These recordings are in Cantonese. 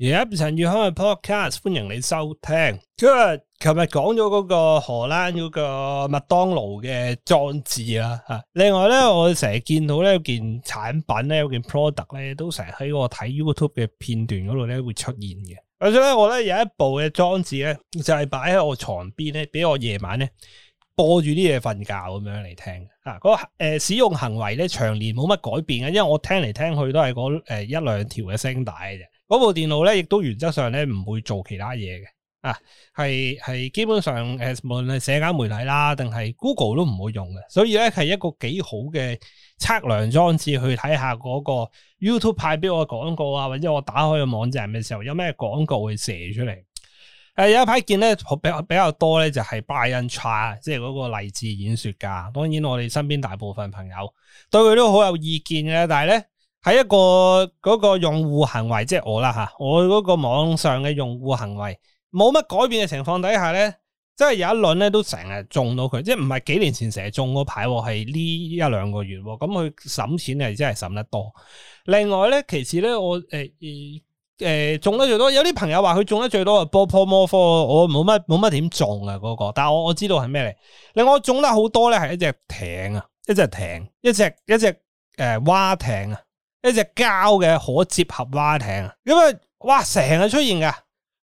而家陳宇康嘅 podcast，歡迎你收聽。佢話琴日講咗嗰個荷蘭嗰個麥當勞嘅裝置啊。吓。另外咧，我成日見到咧，有件產品咧，有件 product 咧，都成日喺我睇 YouTube 嘅片段嗰度咧會出現嘅。所以咧，我咧有一部嘅裝置咧，就係擺喺我床邊咧，俾我夜晚咧播住啲嘢瞓覺咁樣嚟聽。吓，嗰個誒使用行為咧，長年冇乜改變嘅，因為我聽嚟聽去都係嗰誒一兩條嘅聲帶嘅嗰部電腦咧，亦都原則上咧唔會做其他嘢嘅，啊，係係基本上誒，無論係社交媒體啦，定係 Google 都唔會用嘅，所以咧係一個幾好嘅測量裝置去睇下嗰個 YouTube 派俾我嘅廣告啊，或者我打開個網站嘅時候有咩廣告會射出嚟。誒、呃，有一排見咧，比比較多咧就係 Brian Tracy，即係嗰個勵志演說家。當然我哋身邊大部分朋友對佢都好有意見嘅，但係咧。喺一個嗰個用戶行為，即係我啦吓，我嗰個網上嘅用戶行為冇乜改變嘅情況底下咧，即係有一輪咧都成日中到佢，即係唔係幾年前成日中嗰排喎，係呢一兩個月咁，佢省錢係真係省得多。另外咧，其次咧，我誒誒誒中得最多，有啲朋友話佢中得最多係波波摩科，我冇乜冇乜點中啊嗰個，但係我我知道係咩嚟。另外我中得好多咧係一隻艇啊，一隻艇，一隻一隻誒、呃、蛙艇啊。一隻膠嘅可接合蛙艇啊，咁啊，哇，成日出現嘅，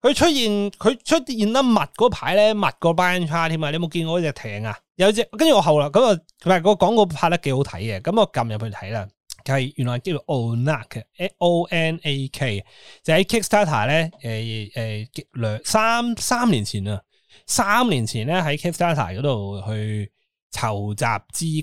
佢出現佢出現得密嗰排咧，密個 brand 差添啊！你有冇見過呢隻艇啊？有隻，跟住我後嚟咁啊，唔係、嗰個廣告拍得幾好睇嘅，咁我撳入去睇啦，係原來叫做 ONAK 嘅，O N A K，就喺 Kickstarter 咧、欸，誒誒兩三三年前啊，三年前咧喺 Kickstarter 嗰度去。籌集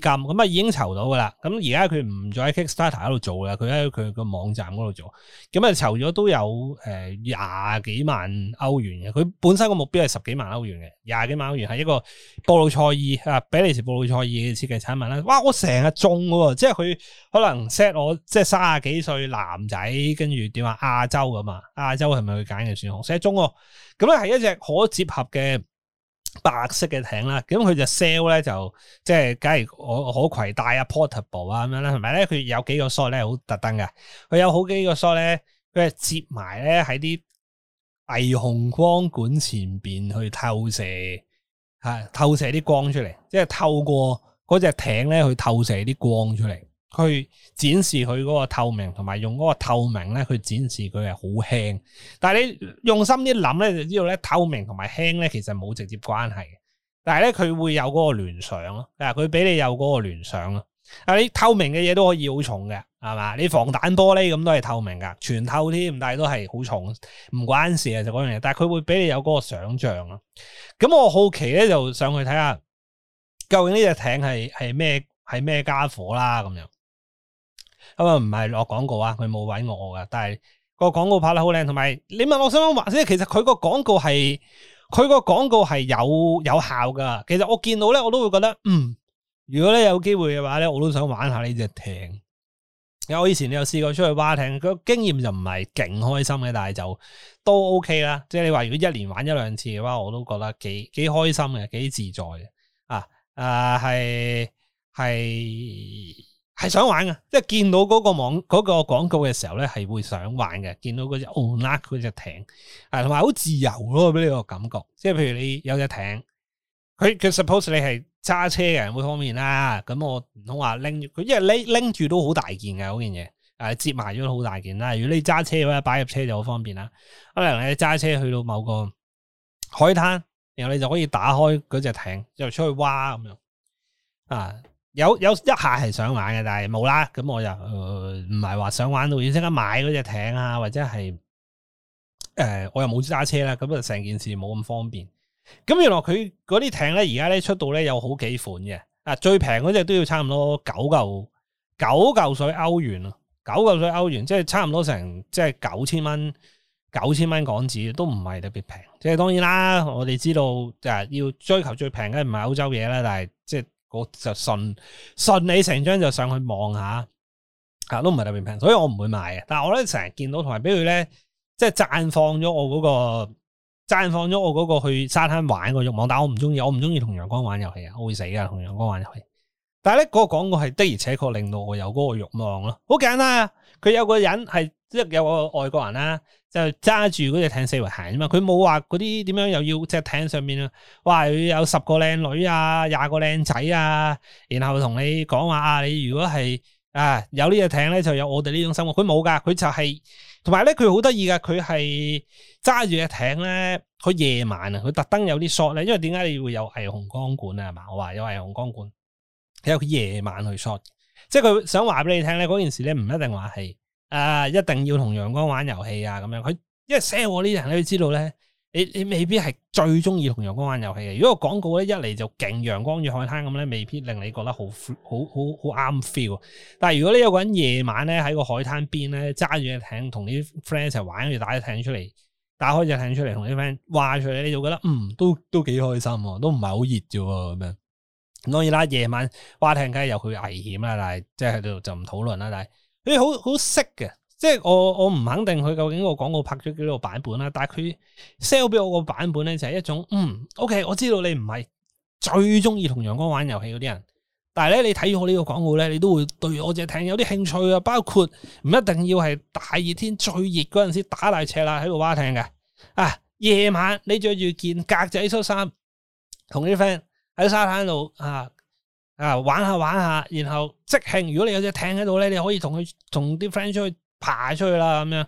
資金，咁啊已經籌到噶啦，咁而家佢唔再喺 Kickstarter 度做啦，佢喺佢個網站嗰度做，咁啊籌咗都有誒廿幾萬歐元嘅，佢本身個目標係十幾萬歐元嘅，廿幾萬歐元係一個布魯塞爾啊，比利時布魯塞爾嘅設計產品啦，哇我成日中喎，即係佢可能 set 我即係卅幾歲男仔，跟住點話亞洲㗎嘛，亞洲係咪佢揀嘅選項？set 中喎。咁咧係一隻可折合嘅。白色嘅艇啦，咁佢就 sell 咧就即係，假如我可攜帶啊 portable 啊咁樣啦，係咪咧佢有幾個梳咧好特登㗎。佢有好幾個梳咧，佢係接埋咧喺啲霓虹光管前邊去透射吓、啊，透射啲光出嚟，即係透過嗰隻艇咧去透射啲光出嚟。佢展示佢嗰個透明，同埋用嗰個透明咧，去展示佢係好輕。但係你用心啲諗咧，就知道咧透明同埋輕咧，其實冇直接關係嘅。但係咧，佢會有嗰個聯想咯，啊，佢俾你有嗰個聯想咯。啊，你透明嘅嘢都可以好重嘅，係嘛？你防彈玻璃咁都係透明噶，全透添，但係都係好重，唔關事啊，就嗰樣嘢。但係佢會俾你有嗰個想象咯。咁我好奇咧，就上去睇下究竟呢隻艇係係咩係咩家伙啦，咁樣。咁啊，唔係落廣告啊，佢冇揾我噶。但係個廣告拍得好靚，同埋你問我想唔想玩先，其實佢個廣告係佢個廣告係有有效噶。其實我見到咧，我都會覺得嗯，如果咧有機會嘅話咧，我都想玩下呢隻艇。因為我以前有試過出去划艇，個經驗就唔係勁開心嘅，但係就都 OK 啦。即係你話如果一年玩一兩次嘅話，我都覺得幾幾開心嘅，幾自在嘅。啊啊，係、呃、係。係想玩嘅，即係見到嗰個網、嗰個廣告嘅時候咧，係會想玩嘅。見到嗰隻 ONAK 嗰隻艇，啊，同埋好自由咯，俾你個感覺。即係譬如你有隻艇，佢佢 suppose 你係揸車嘅，好方便啦，啊。咁我唔通話拎住，佢因為拎拎住都好大件嘅嗰件嘢，啊，接埋咗好大件啦。如果你揸車嘅話，擺入車就好方便啦，啊。可能你揸車去到某個海灘，然後你就可以打開嗰隻艇，就出去挖咁樣，啊。有有一下係想玩嘅，但係冇啦。咁我又唔係話想玩到要即刻買嗰隻艇啊，或者係誒、呃，我又冇揸車啦。咁就成件事冇咁方便。咁原來佢嗰啲艇咧，而家咧出到咧有好幾款嘅。啊，最平嗰隻都要差唔多九嚿九嚿水歐元，九嚿水歐元，即係、就是、差唔多成即係九千蚊，九千蚊港紙都唔係特別平。即、就、係、是、當然啦，我哋知道啊，要追求最平嘅唔係歐洲嘢啦，但係即係。就是我就順順理成章就上去望下，啊，都唔係特別平，所以我唔會買嘅。但係我咧成日見到同埋俾佢咧，即係綻放咗我嗰、嗰個綻放咗我嗰個去沙灘玩個欲望。但我唔中意，我唔中意同陽光玩遊戲啊，我會死㗎，同陽光玩遊戲。但係咧，嗰個廣告係的而且確令到我有嗰個欲望咯。好簡單，佢有個人係即係有個外國人啦，就揸住嗰隻艇四圍行啊嘛。佢冇話嗰啲點樣又要隻艇上面啊，哇有十個靚女啊，廿個靚仔啊，然後同你講話啊，你如果係啊有呢隻艇咧，就有我哋呢種生活。佢冇噶，佢就係同埋咧，佢好得意噶，佢係揸住隻艇咧，佢夜晚啊，佢特登有啲索呢，咧，因為點解你會有霓虹光管啊？係嘛，我話有霓虹光管。有佢夜晚去 shot，即係佢想話俾你聽咧，嗰件事咧唔一定話係誒，一定要同陽光玩遊戲啊咁樣。佢因為 sell 呢人咧，你知道咧，你你未必係最中意同陽光玩遊戲嘅。如果個廣告咧一嚟就勁陽光與海灘咁咧，未必令你覺得好好好好啱 feel。但係如果你有個人夜晚咧喺個海灘邊咧，揸住隻艇同啲 friend 一齊玩，跟住打隻艇出嚟，打開隻艇出嚟，同啲 friend 話出嚟，你就覺得嗯都都幾開心喎，都唔係好熱啫喎咁樣。當然啦，夜晚蛙艇梗係有佢危險啦，但係即係喺度就唔討論啦。但係佢好好識嘅，即係我我唔肯定佢究竟個廣告拍咗幾個版本啦。但係佢 sell 俾我個版本咧就係、是、一種，嗯，OK，我知道你唔係最中意同陽光玩遊戲嗰啲人，但係咧你睇住我個廣呢個廣告咧，你都會對我隻艇有啲興趣啊。包括唔一定要係大熱天最熱嗰陣時打大赤啦喺度蛙艇嘅啊，夜晚你着住件格仔恤衫同啲 friend。喺沙灘度啊，啊玩下玩下，然後即興如果你有隻艇喺度咧，你可以同佢同啲 friend 出去爬出去啦，咁樣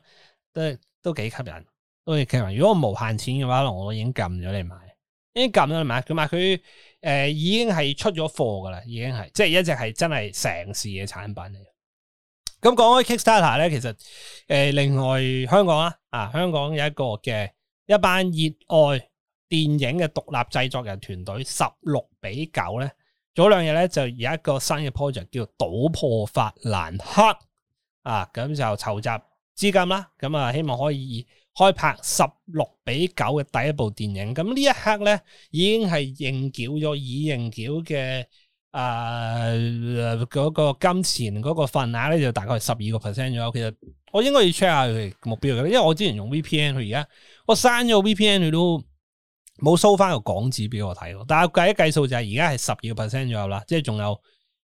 都都幾吸引，都幾吸引。如果我無限錢嘅話，可能我都已經撳咗你買，已經撳咗你買。咁啊，佢誒已經係出咗貨噶啦，已經係即係一直係真係成市嘅產品嚟。咁講開 Kickstarter 咧，其實誒、呃、另外香港啊啊香港有一個嘅一班熱愛電影嘅獨立製作人團隊十六比九咧，早兩日咧就有一個新嘅 project 叫做《賭破法蘭克》啊，咁就籌集資金啦，咁啊希望可以開拍十六比九嘅第一部電影。咁呢一刻咧，已經係認繳咗已認繳嘅誒嗰個金錢嗰個份額咧，就大概係十二個 percent 左右。其實我應該要 check 下佢目標嘅，因為我之前用 VPN，佢而家我刪咗 VPN，佢都。冇 show 翻個港紙俾我睇咯，但係計一計數就係而家係十二個 percent 左右啦，即係仲有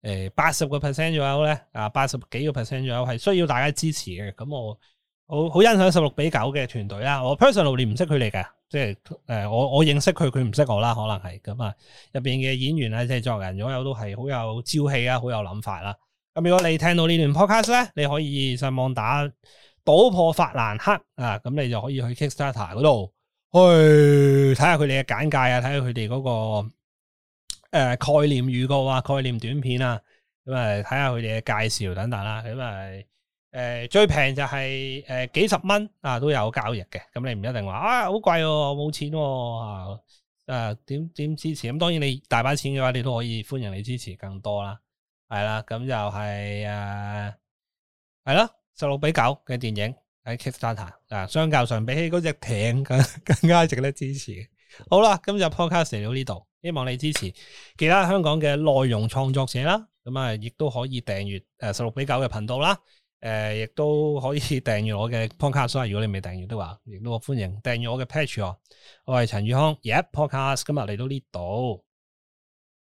誒八十個 percent 左右咧，啊八十幾個 percent 左右係需要大家支持嘅。咁我好好欣賞十六比九嘅團隊啦。我 personally 你唔識佢哋嘅，即係誒我我認識佢，佢唔識我啦，可能係咁啊。入邊嘅演員咧，即係作人所有都係好有朝氣啊，好有諗法啦。咁如果你聽到呢段 podcast 咧，你可以上網打賭破法蘭克啊，咁你就可以去 Kickstarter 嗰度。去睇下佢哋嘅簡介，睇下佢哋嗰個誒、呃、概念預告啊，概念短片啊，咁啊睇下佢哋嘅介紹等等啦，咁啊誒最平就係、是、誒、呃、幾十蚊啊都有交易嘅，咁你唔一定話啊好貴哦，冇錢喎，啊點點、啊啊啊、支持？咁當然你大把錢嘅話，你都可以歡迎你支持更多啦，係啦，咁就係誒係啦十六比九嘅電影。喺 Kickstarter 啊，相較上比起嗰隻艇更更加值得支持。好啦，今集 podcast 嚟到呢度，希望你支持其他香港嘅內容創作者啦。咁啊，亦都可以訂閱誒十六比九嘅頻道啦。誒、呃，亦都可以訂閱我嘅 podcast、啊。如果你未訂閱的話，亦都歡迎訂閱我嘅 Patreon。我係陳宇康，Yep Podcast 今日嚟到呢度。